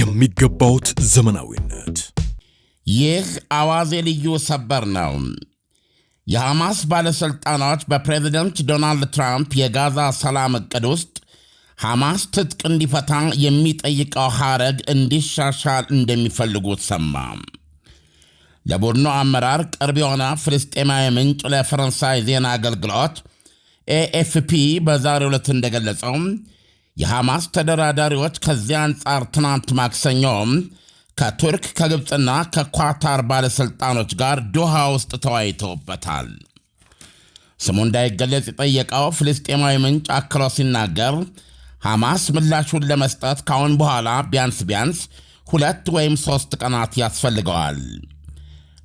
የሚገባውት ዘመናዊነት። ይህ አዋዜ ልዩ ሰበር ነው። የሐማስ ባለሥልጣናት በፕሬዝደንት ዶናልድ ትራምፕ የጋዛ ሰላም ዕቅድ ውስጥ ሐማስ ትጥቅ እንዲፈታ የሚጠይቀው ሐረግ እንዲሻሻል እንደሚፈልጉ ሰማ። ለቡድኑ አመራር ቅርብ የሆነ ፍልስጤማዊ ምንጭ ለፈረንሳይ ዜና አገልግሎት ኤኤፍፒ በዛሬው ዕለት እንደገለጸው የሐማስ ተደራዳሪዎች ከዚያ አንጻር ትናንት ማክሰኞም ከቱርክ ከግብፅና ከኳታር ባለሥልጣኖች ጋር ዶሃ ውስጥ ተወያይተውበታል። ስሙ እንዳይገለጽ የጠየቀው ፍልስጤማዊ ምንጭ አክሎ ሲናገር ሐማስ ምላሹን ለመስጠት ካሁን በኋላ ቢያንስ ቢያንስ ሁለት ወይም ሦስት ቀናት ያስፈልገዋል።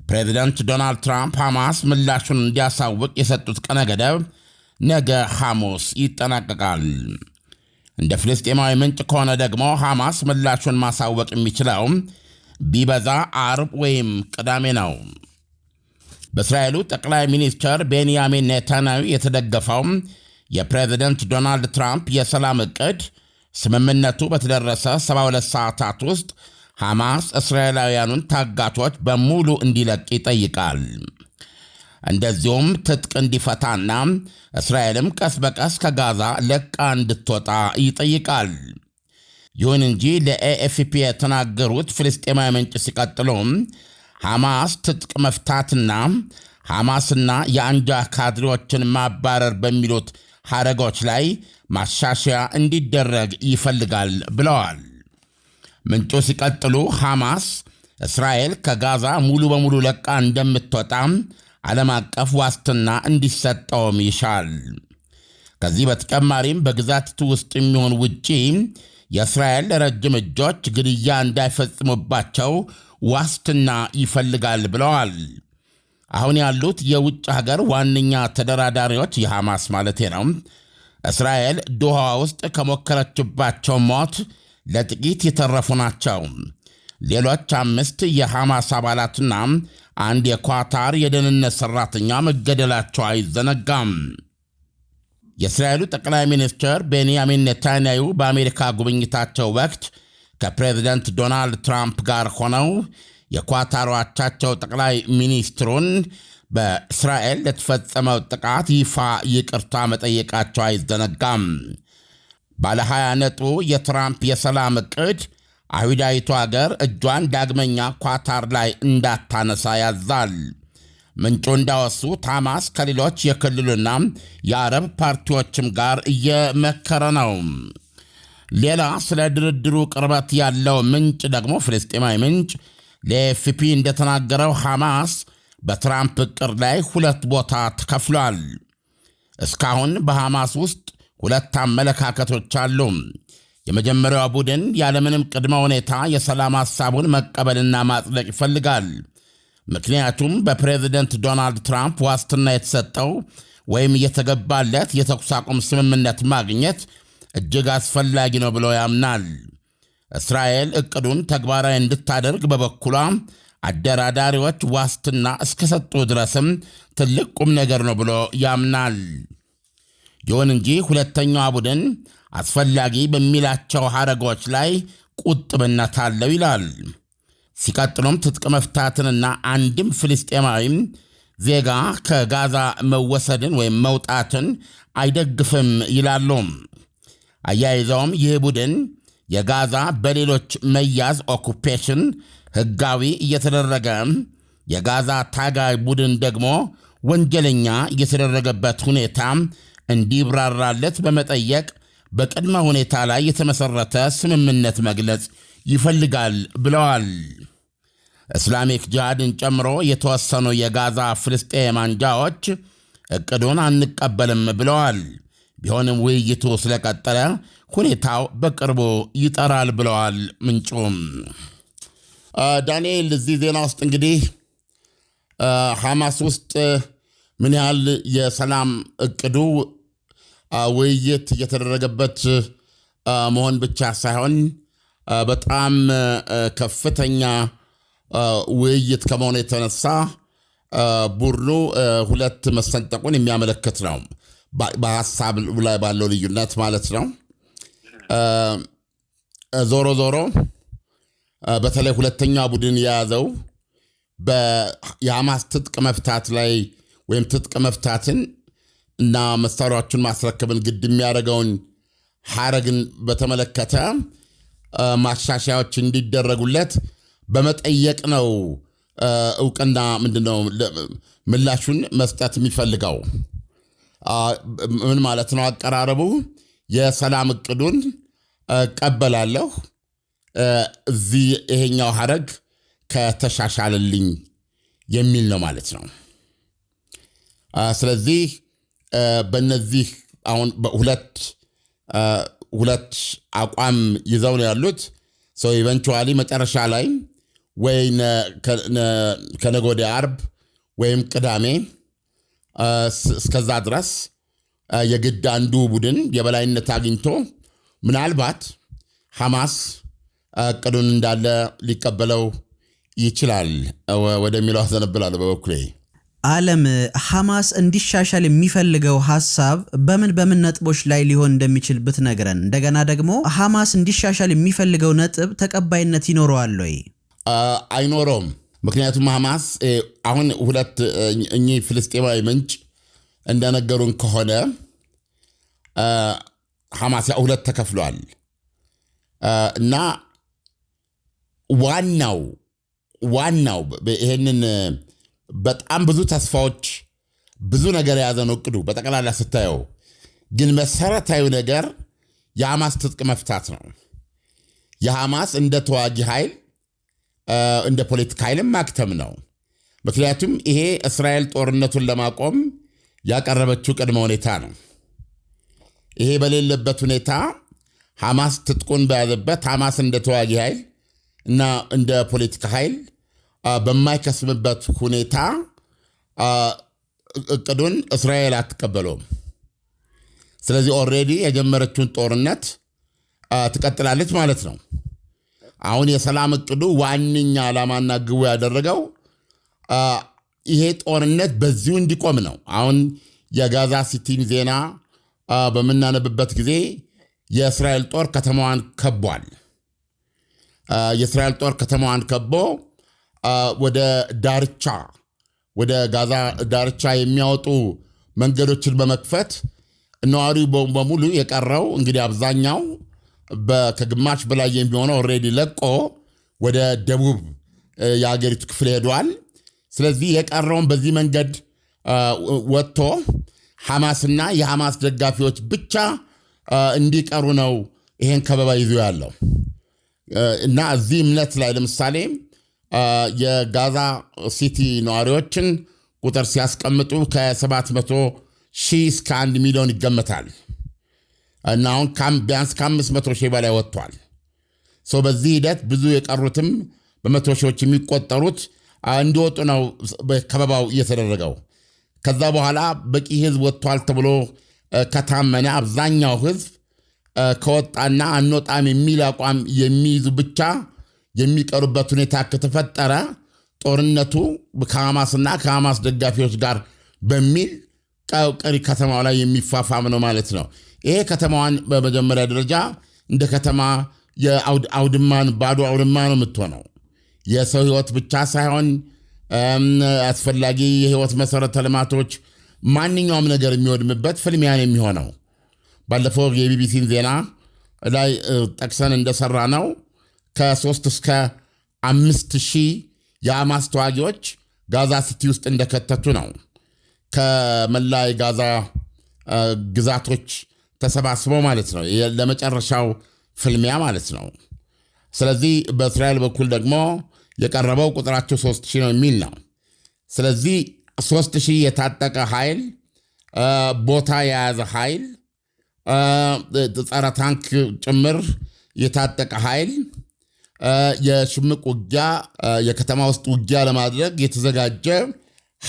ፕሬዚደንት ዶናልድ ትራምፕ ሐማስ ምላሹን እንዲያሳውቅ የሰጡት ቀነ ገደብ ነገ ሐሙስ ይጠናቀቃል። እንደ ፍልስጤማዊ ምንጭ ከሆነ ደግሞ ሐማስ ምላሹን ማሳወቅ የሚችለው ቢበዛ አርብ ወይም ቅዳሜ ነው። በእስራኤሉ ጠቅላይ ሚኒስትር ቤንያሚን ኔታንያሁ የተደገፈው የፕሬዚደንት ዶናልድ ትራምፕ የሰላም ዕቅድ ስምምነቱ በተደረሰ 72 ሰዓታት ውስጥ ሐማስ እስራኤላውያኑን ታጋቾች በሙሉ እንዲለቅ ይጠይቃል። እንደዚሁም ትጥቅ እንዲፈታና እስራኤልም ቀስ በቀስ ከጋዛ ለቃ እንድትወጣ ይጠይቃል። ይሁን እንጂ ለኤኤፍፒ የተናገሩት ፍልስጤማዊ ምንጭ ሲቀጥሉ ሐማስ ትጥቅ መፍታትና ሐማስና የአንጃ ካድሬዎችን ማባረር በሚሉት ሐረጎች ላይ ማሻሻያ እንዲደረግ ይፈልጋል ብለዋል። ምንጩ ሲቀጥሉ ሐማስ እስራኤል ከጋዛ ሙሉ በሙሉ ለቃ እንደምትወጣ ዓለም አቀፍ ዋስትና እንዲሰጠውም ይሻል። ከዚህ በተጨማሪም በግዛቲቱ ውስጥ የሚሆን ውጪ የእስራኤል ረጅም እጆች ግድያ እንዳይፈጽሙባቸው ዋስትና ይፈልጋል ብለዋል። አሁን ያሉት የውጭ ሀገር ዋነኛ ተደራዳሪዎች የሐማስ ማለቴ ነው። እስራኤል ዶሃ ውስጥ ከሞከረችባቸው ሞት ለጥቂት የተረፉ ናቸው። ሌሎች አምስት የሐማስ አባላትና አንድ የኳታር የደህንነት ሠራተኛ መገደላቸው አይዘነጋም። የእስራኤሉ ጠቅላይ ሚኒስትር ቤንያሚን ኔታንያዩ በአሜሪካ ጉብኝታቸው ወቅት ከፕሬዝደንት ዶናልድ ትራምፕ ጋር ሆነው የኳታሯቻቸው አቻቸው ጠቅላይ ሚኒስትሩን በእስራኤል ለተፈጸመው ጥቃት ይፋ ይቅርታ መጠየቃቸው አይዘነጋም። ባለ 20 ነጥቡ የትራምፕ የሰላም ዕቅድ አይሁዳዊቱ አገር እጇን ዳግመኛ ኳታር ላይ እንዳታነሳ ያዛል። ምንጩ እንዳወሱት ሐማስ ከሌሎች የክልሉና የአረብ ፓርቲዎችም ጋር እየመከረ ነው። ሌላ ስለ ድርድሩ ቅርበት ያለው ምንጭ ደግሞ ፍልስጤማዊ ምንጭ ለኤፍፒ እንደተናገረው ሐማስ በትራምፕ እቅድ ላይ ሁለት ቦታ ተከፍሏል። እስካሁን በሐማስ ውስጥ ሁለት አመለካከቶች አሉ። የመጀመሪያው ቡድን ያለምንም ቅድመ ሁኔታ የሰላም ሐሳቡን መቀበልና ማጽደቅ ይፈልጋል። ምክንያቱም በፕሬዚደንት ዶናልድ ትራምፕ ዋስትና የተሰጠው ወይም የተገባለት የተኩስ አቁም ስምምነት ማግኘት እጅግ አስፈላጊ ነው ብሎ ያምናል። እስራኤል እቅዱን ተግባራዊ እንድታደርግ በበኩሏ አደራዳሪዎች ዋስትና እስከሰጡ ድረስም ትልቅ ቁም ነገር ነው ብሎ ያምናል። ይሁን እንጂ ሁለተኛዋ ቡድን አስፈላጊ በሚላቸው ሐረጎች ላይ ቁጥብነት አለው ይላል። ሲቀጥሉም ትጥቅ መፍታትንና አንድም ፍልስጤማዊም ዜጋ ከጋዛ መወሰድን ወይም መውጣትን አይደግፍም ይላሉ። አያይዘውም ይህ ቡድን የጋዛ በሌሎች መያዝ ኦኩፔሽን ሕጋዊ እየተደረገ የጋዛ ታጋይ ቡድን ደግሞ ወንጀለኛ እየተደረገበት ሁኔታ እንዲብራራለት በመጠየቅ በቅድመ ሁኔታ ላይ የተመሠረተ ስምምነት መግለጽ ይፈልጋል ብለዋል። እስላሚክ ጅሃድን ጨምሮ የተወሰኑ የጋዛ ፍልስጤም አንጃዎች እቅዱን አንቀበልም ብለዋል። ቢሆንም ውይይቱ ስለቀጠለ ሁኔታው በቅርቡ ይጠራል ብለዋል ምንጩም። ዳንኤል፣ እዚህ ዜና ውስጥ እንግዲህ ሐማስ ውስጥ ምን ያህል የሰላም እቅዱ ውይይት እየተደረገበት መሆን ብቻ ሳይሆን በጣም ከፍተኛ ውይይት ከመሆኑ የተነሳ ቡድኑ ሁለት መሰንጠቁን የሚያመለክት ነው። በሀሳብ ላይ ባለው ልዩነት ማለት ነው። ዞሮ ዞሮ በተለይ ሁለተኛ ቡድን የያዘው የሐማስ ትጥቅ መፍታት ላይ ወይም ትጥቅ መፍታትን እና መሳሪያዎቹን ማስረከብን ግድ የሚያደርገውን ሀረግን በተመለከተ ማሻሻያዎች እንዲደረጉለት በመጠየቅ ነው እውቅና ምንድነው ምላሹን መስጠት የሚፈልገው ምን ማለት ነው? አቀራረቡ የሰላም እቅዱን እቀበላለሁ እዚህ ይሄኛው ሀረግ ከተሻሻለልኝ የሚል ነው ማለት ነው። ስለዚህ በነዚህ አሁን ሁለት ሁለት አቋም ይዘው ነው ያሉት። ሰው ኢቨንቹዋሊ መጨረሻ ላይ ወይ ከነጎዴ አርብ ወይም ቅዳሜ እስከዛ ድረስ የግድ አንዱ ቡድን የበላይነት አግኝቶ ምናልባት ሐማስ እቅዱን እንዳለ ሊቀበለው ይችላል ወደሚለው አዘነብላለሁ በበኩሌ። ዓለም ሐማስ እንዲሻሻል የሚፈልገው ሀሳብ በምን በምን ነጥቦች ላይ ሊሆን እንደሚችል ብትነግረን፣ እንደገና ደግሞ ሐማስ እንዲሻሻል የሚፈልገው ነጥብ ተቀባይነት ይኖረዋል ወይ? አይኖረውም። ምክንያቱም ሐማስ አሁን ሁለት እኚህ ፍልስጤማዊ ምንጭ እንደነገሩን ከሆነ ሐማስ ሁለት ተከፍሏል እና ዋናው ዋናው ይሄንን በጣም ብዙ ተስፋዎች፣ ብዙ ነገር የያዘ ነው እቅዱ በጠቅላላ ስታየው። ግን መሰረታዊ ነገር የሐማስ ትጥቅ መፍታት ነው። የሐማስ እንደ ተዋጊ ኃይል እንደ ፖለቲካ ኃይልም ማክተም ነው። ምክንያቱም ይሄ እስራኤል ጦርነቱን ለማቆም ያቀረበችው ቅድመ ሁኔታ ነው። ይሄ በሌለበት ሁኔታ ሐማስ ትጥቁን በያዘበት ሐማስ እንደ ተዋጊ ኃይል እና እንደ ፖለቲካ ኃይል በማይከስምበት ሁኔታ እቅዱን እስራኤል አትቀበለውም። ስለዚህ ኦልሬዲ የጀመረችውን ጦርነት ትቀጥላለች ማለት ነው። አሁን የሰላም እቅዱ ዋነኛ ዓላማና ግቡ ያደረገው ይሄ ጦርነት በዚሁ እንዲቆም ነው። አሁን የጋዛ ሲቲን ዜና በምናነብበት ጊዜ የእስራኤል ጦር ከተማዋን ከቧል። የእስራኤል ጦር ከተማዋን ከቦ ወደ ዳርቻ ወደ ጋዛ ዳርቻ የሚያወጡ መንገዶችን በመክፈት ነዋሪው በሙሉ የቀረው እንግዲህ አብዛኛው ከግማሽ በላይ የሚሆነው ኦልሬዲ ለቆ ወደ ደቡብ የአገሪቱ ክፍል ሄዷል። ስለዚህ የቀረውን በዚህ መንገድ ወጥቶ ሐማስና የሐማስ ደጋፊዎች ብቻ እንዲቀሩ ነው ይሄን ከበባ ይዞ ያለው እና እዚህ እምነት ላይ ለምሳሌ የጋዛ ሲቲ ነዋሪዎችን ቁጥር ሲያስቀምጡ ከ700 ሺህ እስከ 1 ሚሊዮን ይገመታል እና አሁን ቢያንስ ከ500 ሺህ በላይ ወጥቷል። በዚህ ሂደት ብዙ የቀሩትም በመቶ ሺዎች የሚቆጠሩት እንዲወጡ ነው ከበባው እየተደረገው። ከዛ በኋላ በቂ ህዝብ ወጥቷል ተብሎ ከታመነ አብዛኛው ህዝብ ከወጣና አንወጣም የሚል አቋም የሚይዙ ብቻ የሚቀሩበት ሁኔታ ከተፈጠረ ጦርነቱ ከሐማስና ከሐማስ ደጋፊዎች ጋር በሚል ቀሪ ከተማው ላይ የሚፋፋም ነው ማለት ነው። ይሄ ከተማዋን በመጀመሪያ ደረጃ እንደ ከተማ የአውድማን ባዶ አውድማ ነው የምትሆነው። የሰው ህይወት ብቻ ሳይሆን አስፈላጊ የህይወት መሰረተ ልማቶች፣ ማንኛውም ነገር የሚወድምበት ፍልሚያን የሚሆነው ባለፈው የቢቢሲን ዜና ላይ ጠቅሰን እንደሰራ ነው ከሶስት እስከ አምስት ሺህ የሐማስ ተዋጊዎች ጋዛ ሲቲ ውስጥ እንደከተቱ ነው። ከመላ የጋዛ ግዛቶች ተሰባስበው ማለት ነው፣ ለመጨረሻው ፍልሚያ ማለት ነው። ስለዚህ በእስራኤል በኩል ደግሞ የቀረበው ቁጥራቸው ሺህ ነው የሚል ነው። ስለዚህ ሺህ የታጠቀ ኃይል ቦታ የያዘ ኃይል ጸረ ታንክ ጭምር የታጠቀ ኃይል የሽምቅ ውጊያ፣ የከተማ ውስጥ ውጊያ ለማድረግ የተዘጋጀ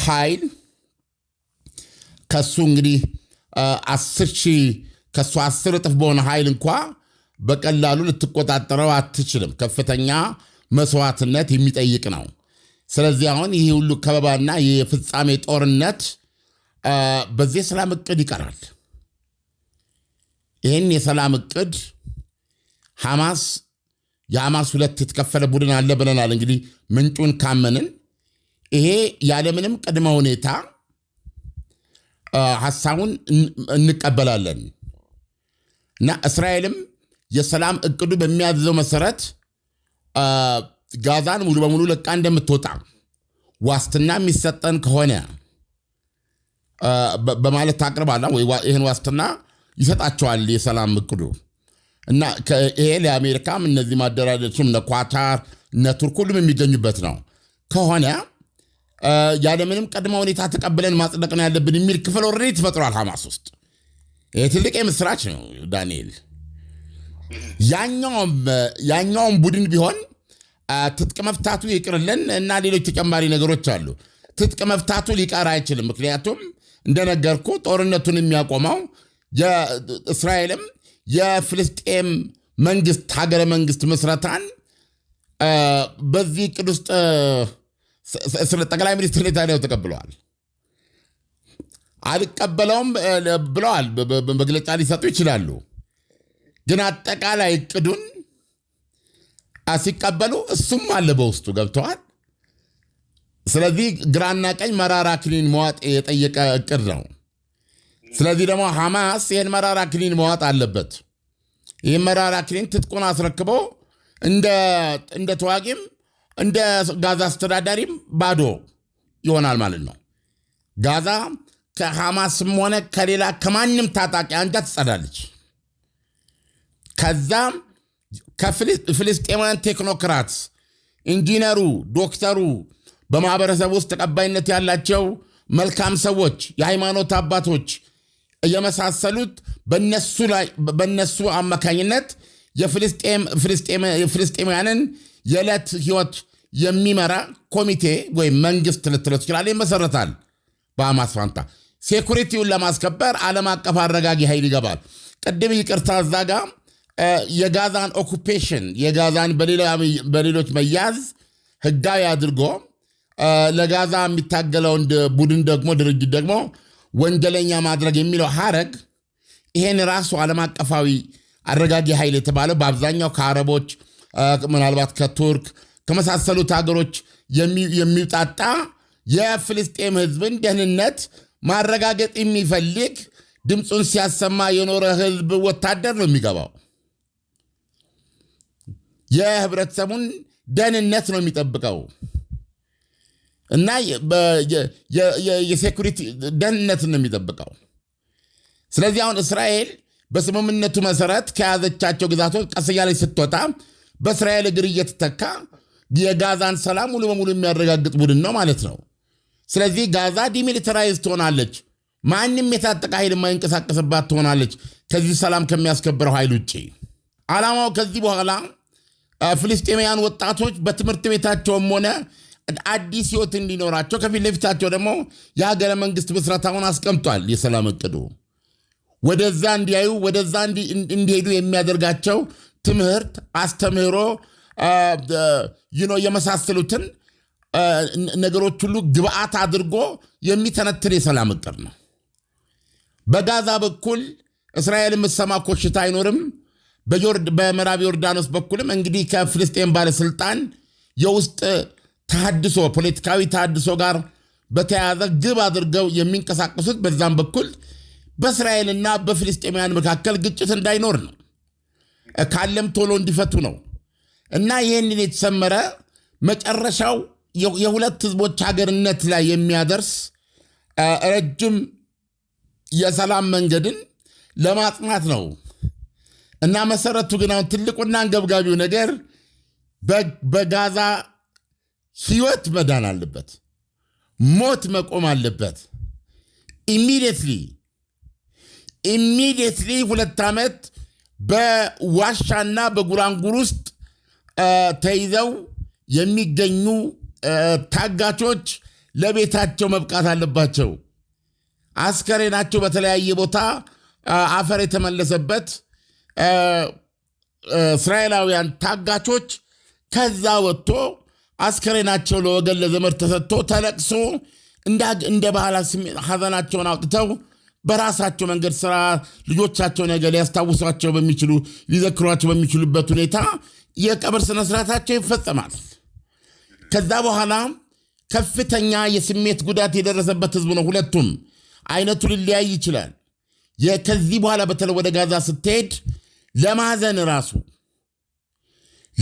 ኃይል ከሱ እንግዲህ አስር ሺህ ከሱ አስር እጥፍ በሆነ ኃይል እንኳ በቀላሉ ልትቆጣጠረው አትችልም። ከፍተኛ መስዋዕትነት የሚጠይቅ ነው። ስለዚህ አሁን ይህ ሁሉ ከበባና የፍጻሜ ጦርነት በዚህ የሰላም እቅድ ይቀራል። ይህን የሰላም እቅድ ሐማስ የአማስ ሁለት የተከፈለ ቡድን አለ ብለናል። እንግዲህ ምንጩን ካመንን ይሄ ያለምንም ቅድመ ሁኔታ ሀሳቡን እንቀበላለን እና እስራኤልም የሰላም እቅዱ በሚያዘው መሰረት ጋዛን ሙሉ በሙሉ ለቃ እንደምትወጣ ዋስትና የሚሰጠን ከሆነ በማለት ታቅርባላ ወይ ይህን ዋስትና ይሰጣቸዋል የሰላም እቅዱ እና ይሄ ለአሜሪካም እነዚህ ማደራጀቱም እነ ኳታር እነ ቱርክ ሁሉም የሚገኙበት ነው ከሆነ ያለምንም ቅድመ ሁኔታ ተቀብለን ማጽደቅ ነው ያለብን የሚል ክፍል ኦልሬዲ ተፈጥሯል ሐማስ ውስጥ። ይህ ትልቅ የምስራች ነው ዳንኤል። ያኛውም ቡድን ቢሆን ትጥቅ መፍታቱ ይቅርልን እና ሌሎች ተጨማሪ ነገሮች አሉ። ትጥቅ መፍታቱ ሊቀር አይችልም። ምክንያቱም እንደነገርኩ ጦርነቱን የሚያቆመው የእስራኤልም የፍልስጤም መንግስት ሀገረ መንግስት ምስረታን በዚህ ውስጥ ጠቅላይ ሚኒስትር ኔታንያሁ ተቀብለዋል። አልቀበለውም ብለዋል፣ መግለጫ ሊሰጡ ይችላሉ። ግን አጠቃላይ እቅዱን ሲቀበሉ እሱም አለ በውስጡ ገብተዋል። ስለዚህ ግራና ቀኝ መራራ ክኒን መዋጥ የጠየቀ እቅድ ነው። ስለዚህ ደግሞ ሐማስ ይህን መራራ ክኒን መዋጥ አለበት። ይህን መራራ ክኒን ትጥቁን አስረክቦ እንደ ተዋጊም እንደ ጋዛ አስተዳዳሪም ባዶ ይሆናል ማለት ነው። ጋዛ ከሐማስም ሆነ ከሌላ ከማንም ታጣቂ አንጃ ትጸዳለች። ከዛም ከፍልስጤማውያን ቴክኖክራት ኢንጂነሩ፣ ዶክተሩ፣ በማህበረሰብ ውስጥ ተቀባይነት ያላቸው መልካም ሰዎች፣ የሃይማኖት አባቶች የመሳሰሉት በነሱ አማካኝነት የፍልስጤማውያንን የዕለት ህይወት የሚመራ ኮሚቴ ወይም መንግስት ልትለው ትችላለ ይመሰረታል። በሐማስ ፋንታ ሴኩሪቲውን ለማስከበር ዓለም አቀፍ አረጋጊ ኃይል ይገባል። ቅድም ይቅርታ እዛ ጋ የጋዛን ኦኩፔሽን የጋዛን በሌሎች መያዝ ህጋዊ አድርጎ ለጋዛ የሚታገለውን ቡድን ደግሞ ድርጅት ደግሞ ወንጀለኛ ማድረግ የሚለው ሀረግ ይሄን ራሱ ዓለም አቀፋዊ አረጋጊ ኃይል የተባለው በአብዛኛው ከአረቦች ምናልባት ከቱርክ ከመሳሰሉት ሀገሮች የሚውጣጣ የፍልስጤም ህዝብን ደህንነት ማረጋገጥ የሚፈልግ ድምፁን ሲያሰማ የኖረ ህዝብ ወታደር ነው የሚገባው። የህብረተሰቡን ደህንነት ነው የሚጠብቀው። እና የሴኩሪቲ ደህንነት ነው የሚጠብቀው። ስለዚህ አሁን እስራኤል በስምምነቱ መሰረት ከያዘቻቸው ግዛቶች ቀስ እያለች ስትወጣ በእስራኤል እግር እየተተካ የጋዛን ሰላም ሙሉ በሙሉ የሚያረጋግጥ ቡድን ነው ማለት ነው። ስለዚህ ጋዛ ዲሚሊተራይዝ ትሆናለች። ማንም የታጠቀ ኃይል የማይንቀሳቀስባት ትሆናለች ከዚህ ሰላም ከሚያስከብረው ኃይል ውጭ። ዓላማው ከዚህ በኋላ ፍልስጤማውያን ወጣቶች በትምህርት ቤታቸውም ሆነ አዲስ ህይወት እንዲኖራቸው ከፊት ለፊታቸው ደግሞ የሀገረ መንግስት ምስረታውን አስቀምጧል። የሰላም እቅዱ ወደዛ እንዲያዩ ወደዛ እንዲሄዱ የሚያደርጋቸው ትምህርት፣ አስተምህሮ የመሳሰሉትን ነገሮች ሁሉ ግብአት አድርጎ የሚተነትን የሰላም እቅድ ነው። በጋዛ በኩል እስራኤል የምትሰማ ኮሽታ አይኖርም። በምዕራብ ዮርዳኖስ በኩልም እንግዲህ ከፍልስጤን ባለስልጣን የውስጥ ተሃድሶ ፖለቲካዊ ተሃድሶ ጋር በተያያዘ ግብ አድርገው የሚንቀሳቀሱት በዛም በኩል በእስራኤልና በፊልስጤማውያን መካከል ግጭት እንዳይኖር ነው፣ ካለም ቶሎ እንዲፈቱ ነው እና ይህንን የተሰመረ መጨረሻው የሁለት ህዝቦች ሀገርነት ላይ የሚያደርስ ረጅም የሰላም መንገድን ለማጽናት ነው እና መሰረቱ ግን አሁን ትልቁና አንገብጋቢው ነገር በጋዛ ህይወት መዳን አለበት። ሞት መቆም አለበት። ኢሚዲየትሊ ኢሚዲየትሊ ሁለት ዓመት በዋሻና በጉራንጉር ውስጥ ተይዘው የሚገኙ ታጋቾች ለቤታቸው መብቃት አለባቸው። አስከሬናቸው በተለያየ ቦታ አፈር የተመለሰበት እስራኤላውያን ታጋቾች ከዛ ወጥቶ አስከሬናቸው ለወገን ለዘመድ ተሰጥቶ ተለቅሶ እንደ ባህል ሀዘናቸውን አውጥተው በራሳቸው መንገድ ስራ ልጆቻቸው ነገ ሊያስታውሷቸው በሚችሉ ሊዘክሯቸው በሚችሉበት ሁኔታ የቀብር ስነስርዓታቸው ይፈጸማል። ከዛ በኋላ ከፍተኛ የስሜት ጉዳት የደረሰበት ህዝብ ነው። ሁለቱም አይነቱ ሊለያይ ይችላል። ከዚህ በኋላ በተለይ ወደ ጋዛ ስትሄድ ለማዘን ራሱ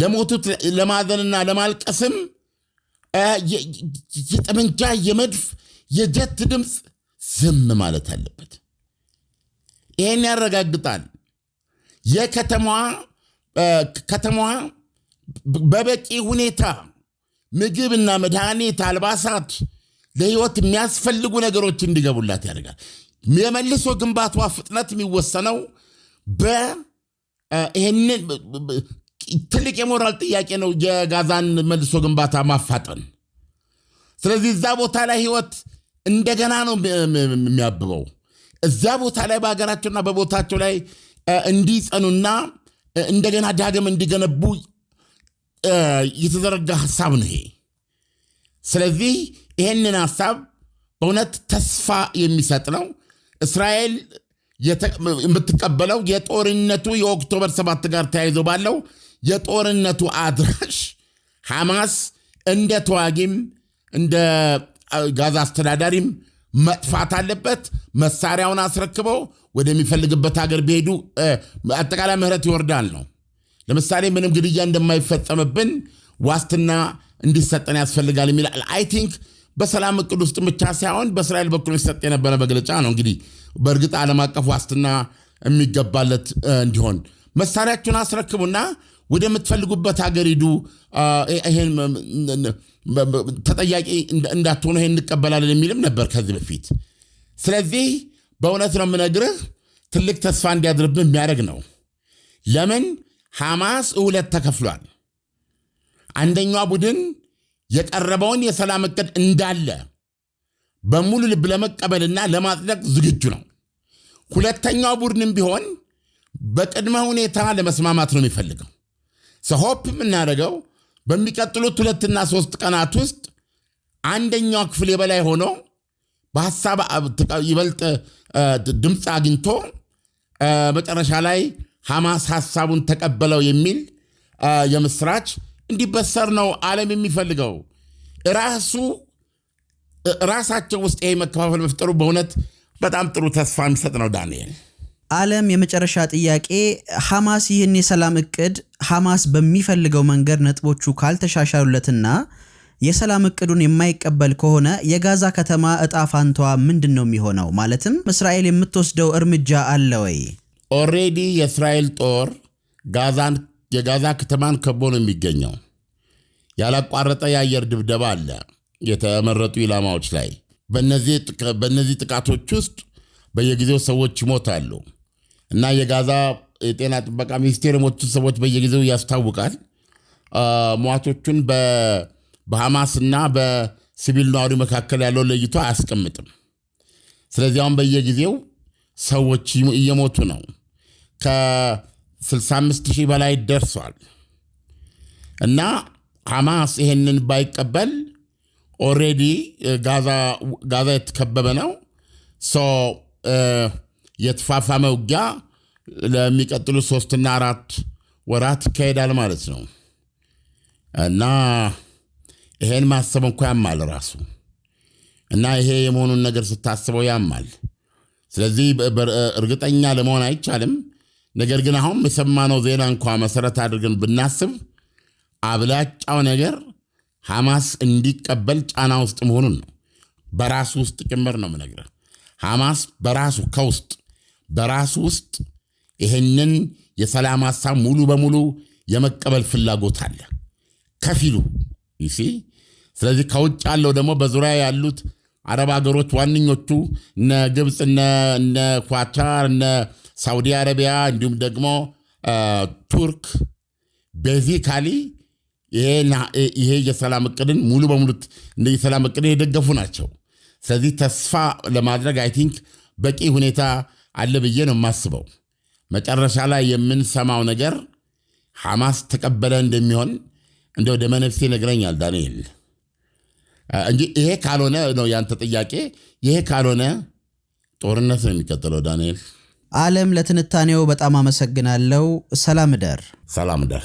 ለሞቱት ለማዘንና ለማልቀስም የጠመንጃ የመድፍ የጀት ድምፅ ዝም ማለት አለበት። ይህን ያረጋግጣል። የከተማዋ በበቂ ሁኔታ ምግብና መድኃኒት፣ አልባሳት፣ ለህይወት የሚያስፈልጉ ነገሮች እንዲገቡላት ያደርጋል። የመልሶ ግንባቷ ፍጥነት የሚወሰነው ትልቅ የሞራል ጥያቄ ነው የጋዛን መልሶ ግንባታ ማፋጠን። ስለዚህ እዛ ቦታ ላይ ህይወት እንደገና ነው የሚያብበው። እዛ ቦታ ላይ በሀገራቸውና በቦታቸው ላይ እንዲጸኑና እንደገና ዳግም እንዲገነቡ የተዘረጋ ሀሳብ ነው ይሄ። ስለዚህ ይህንን ሀሳብ በእውነት ተስፋ የሚሰጥ ነው። እስራኤል የምትቀበለው የጦርነቱ የኦክቶበር ሰባት ጋር ተያይዞ ባለው የጦርነቱ አድራሽ ሐማስ እንደ ተዋጊም እንደ ጋዛ አስተዳዳሪም መጥፋት አለበት። መሳሪያውን አስረክበው ወደሚፈልግበት ሀገር ቢሄዱ አጠቃላይ ምህረት ይወርዳል ነው። ለምሳሌ ምንም ግድያ እንደማይፈጸምብን ዋስትና እንዲሰጠን ያስፈልጋል የሚል አይ ቲንክ በሰላም እቅድ ውስጥ ብቻ ሳይሆን በእስራኤል በኩል ይሰጥ የነበረ መግለጫ ነው። እንግዲህ በእርግጥ ዓለም አቀፍ ዋስትና የሚገባለት እንዲሆን መሳሪያችሁን አስረክቡና ወደምትፈልጉበት ሀገር ሂዱ፣ ተጠያቂ እንዳትሆኑ ይሄን እንቀበላለን የሚልም ነበር ከዚህ በፊት። ስለዚህ በእውነት ነው የምነግርህ ትልቅ ተስፋ እንዲያድርብን የሚያደርግ ነው። ለምን ሐማስ እውለት ተከፍሏል። አንደኛው ቡድን የቀረበውን የሰላም እቅድ እንዳለ በሙሉ ልብ ለመቀበልና ለማጽደቅ ዝግጁ ነው። ሁለተኛው ቡድንም ቢሆን በቅድመ ሁኔታ ለመስማማት ነው የሚፈልገው። ሆፕ የምናደርገው በሚቀጥሉት ሁለትና ሶስት ቀናት ውስጥ አንደኛው ክፍል የበላይ ሆኖ በሀሳብ ይበልጥ ድምፅ አግኝቶ መጨረሻ ላይ ሐማስ ሀሳቡን ተቀበለው የሚል የምስራች እንዲበሰር ነው ዓለም የሚፈልገው። ራሱ ራሳቸው ውስጥ ይሄ መከፋፈል መፍጠሩ በእውነት በጣም ጥሩ ተስፋ የሚሰጥ ነው ዳንኤል። አለም የመጨረሻ ጥያቄ ሐማስ ይህን የሰላም እቅድ ሐማስ በሚፈልገው መንገድ ነጥቦቹ ካልተሻሻሉለትና የሰላም እቅዱን የማይቀበል ከሆነ የጋዛ ከተማ እጣ ፋንቷ ምንድን ነው የሚሆነው? ማለትም እስራኤል የምትወስደው እርምጃ አለ ወይ? ኦሬዲ የእስራኤል ጦር ጋዛን የጋዛ ከተማን ከቦ ነው የሚገኘው። ያላቋረጠ የአየር ድብደባ አለ የተመረጡ ኢላማዎች ላይ። በእነዚህ ጥቃቶች ውስጥ በየጊዜው ሰዎች ይሞታሉ። እና የጋዛ የጤና ጥበቃ ሚኒስቴር የሞቱት ሰዎች በየጊዜው ያስታውቃል። ሟቾቹን በሐማስ እና በሲቪል ነዋሪ መካከል ያለው ለይቶ አያስቀምጥም። ስለዚህ አሁን በየጊዜው ሰዎች እየሞቱ ነው። ከ65 ሺህ በላይ ደርሷል እና ሐማስ ይሄንን ባይቀበል ኦልሬዲ ጋዛ የተከበበ ነው። የተፋፋመ ውጊያ ለሚቀጥሉ ሶስትና አራት ወራት ይካሄዳል ማለት ነው እና ይሄን ማሰብ እንኳ ያማል ራሱ እና ይሄ የመሆኑን ነገር ስታስበው ያማል። ስለዚህ እርግጠኛ ለመሆን አይቻልም። ነገር ግን አሁን የሰማነው ዜና እንኳ መሰረት አድርገን ብናስብ አብላጫው ነገር ሐማስ እንዲቀበል ጫና ውስጥ መሆኑን ነው። በራሱ ውስጥ ጭምር ነው የምነግርህ። ሐማስ በራሱ ከውስጥ በራሱ ውስጥ ይሄንን የሰላም ሀሳብ ሙሉ በሙሉ የመቀበል ፍላጎት አለ ከፊሉ ይሲ። ስለዚህ ከውጭ ያለው ደግሞ በዙሪያ ያሉት አረብ ሀገሮች ዋነኞቹ እነ ግብፅ፣ እነ ኳታር፣ እነ ሳውዲ አረቢያ እንዲሁም ደግሞ ቱርክ ቤዚካሊ ይሄ የሰላም እቅድን ሙሉ በሙሉ የሰላም እቅድን የደገፉ ናቸው። ስለዚህ ተስፋ ለማድረግ አይ ቲንክ በቂ ሁኔታ አለ ብዬ ነው የማስበው። መጨረሻ ላይ የምንሰማው ነገር ሐማስ ተቀበለ እንደሚሆን እንደው ወደ መነፍሴ ነግረኛል ዳንኤል እንጂ ይሄ ካልሆነ ነው ያንተ ጥያቄ፣ ይሄ ካልሆነ ጦርነት ነው የሚቀጥለው። ዳንኤል አለም፣ ለትንታኔው በጣም አመሰግናለሁ። ሰላም ደር ሰላም ደር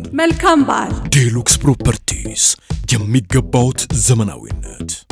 መልካም በዓል። ዴሉክስ ፕሮፐርቲስ የሚገባውት ዘመናዊነት